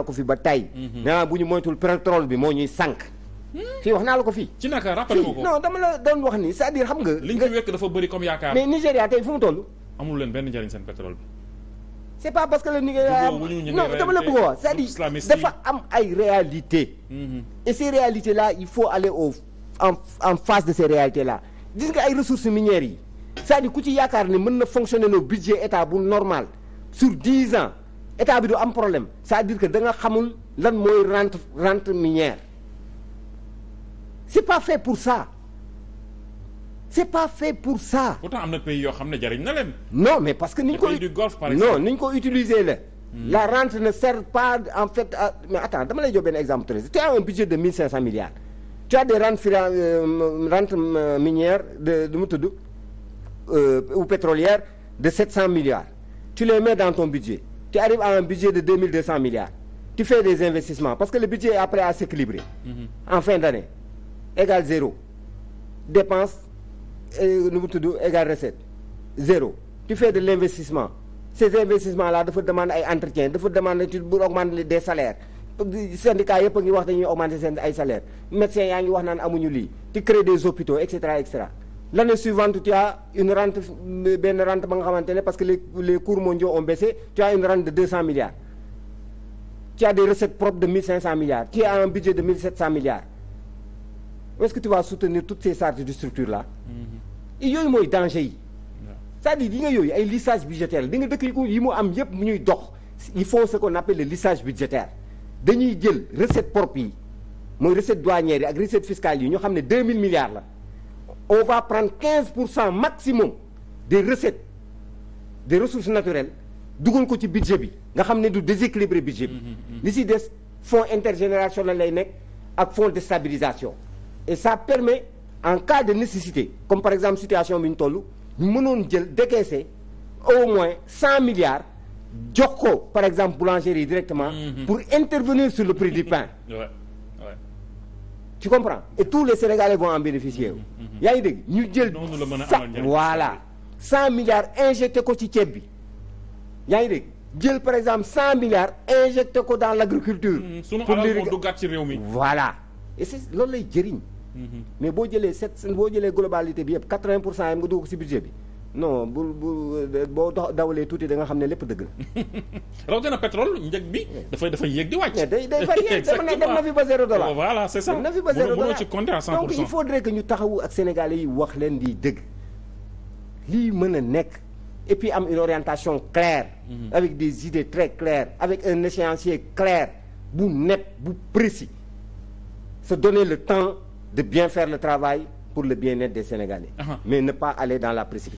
na ko fi ba tey. Mhm. nee bu ñu moytul pétrole bi moo ñuy sànq. Hmm? fii wax naa la ko fi ci naka rappelé ma dama la doon wax ni cest à nga. liñ fi dafa bëri comme yaakaar. mais Nigéria tey fu parce que le Nigéria non dama la bëgg a wax cest dafa am ay réalités. Mhm. et ces réalités là il faut aller au en face de ces réalités là gis nga ay ressources minière yi sa à ku ci yaakaar ne mën na fonctionner nos budget état bu normal sur dix ans. état bi du am problème c'est-à-dire que danga nga xamul lan mooy rente rente minière c'est pas fait pour ça c'est pas fait pour ça. pourtant am na pays yoo xam ne jariñ na leen. non mais parce que ni ñu ko du golfe non ni ko utiliser la. Hmm. la rente ne sert pas en fait à mais attends dama lay jox benn exemple très tu as un budget de mille cinq cent milliards. tu as des rentes euh, euh, minière de du mu tudd euh, ou pétrolière de sept cent milliards. tu les mais dans ton budget. tu arrives à un budget de deux mille deux cent milliards tu fais des investissements parce que le budget est après à s'équilibrer mmh. en fin zéro dépense euh, nu mu tudd égal recette zéro tu fais de l'investissement ces investissements là dafa demande ay entretien dafa demande tu pour augmenter des salaires syndicat yëpp a ngi wax dañuy augmenter seen ay salaires médecins ya ngi wax naan amuñu lii tu crées des hôpitaux et cetera et l'année suivante tu as une rent benn rente ba nga xamante ne parce que les les cours mondiaux ont baissé tu as une rente de 200 milliards tu as des recettes propres de 1500 milliards tu as un budget de 1700 milliards est-ce que tu vas mm-hmm. mooy danger yi c'est-à-dire yi nga yooyu ay lissage budgétaire di nga dëkk yi ko yi mu am yépp mu ñuy dox il faut ce qu'on appelle le dañuy jël recette propre yi mooy recette douanière yi ak recette fiscale yi ñu xam ne 2000 milliards la on va prendre 15 pour cent maximum des recettes des ressources naturelles dugal ko ci budget bi nga xam ne du déséquilibré budget bi mm-hmm, mm-hmm. li ci des fonds intergénérationnel lay nekk ak fonds de stabilisation et ça permet en cas de nécessité comme par exemple situation bi ñu toll ñu mënoon jël décaisser au moins cent milliards jox ko par exemple yi directement mm-hmm. pour intervenir sur le prix du pain tu comprends et tous les Sénégalais vont en bénéficier wu. yaa ngi dégg ñu jël. noonu voilà cent milliards injecté ko ci ceeb bi yaa ngi de jël par exemple cent milliards injecté ko dans l' agriculture. Hmm, pour léegi sunu ci réew mi. voilà e c' est loolu lay jëriñ. Hmm, hmm. mais boo jëlee sept boo jëlee globalité bi yëpp quatre vingt pour cent yam nga dugg ko si budget bi. non bul bul eh, boo dawalee tuuti da nga xam ne lépp dëgg la. rawatina pétrole njëg bi. dafay dafay yéeg di wàcc. day day varié dem na fi ba zéro dollar. voilà c'est ça na fi ba zéro dollar donc il faudrait que ñu taxawu ak sénégalais yi wax leen di dëgg lii mën a nekk. et puis am une orientation claire. Mm -hmm. avec des idées très claires avec un échéancier clair bu net bu précis. se donner le temps de bien faire le travail pour le bien-être des Sénégalais. Uh -huh. mais ne pas aller dans la précipitation.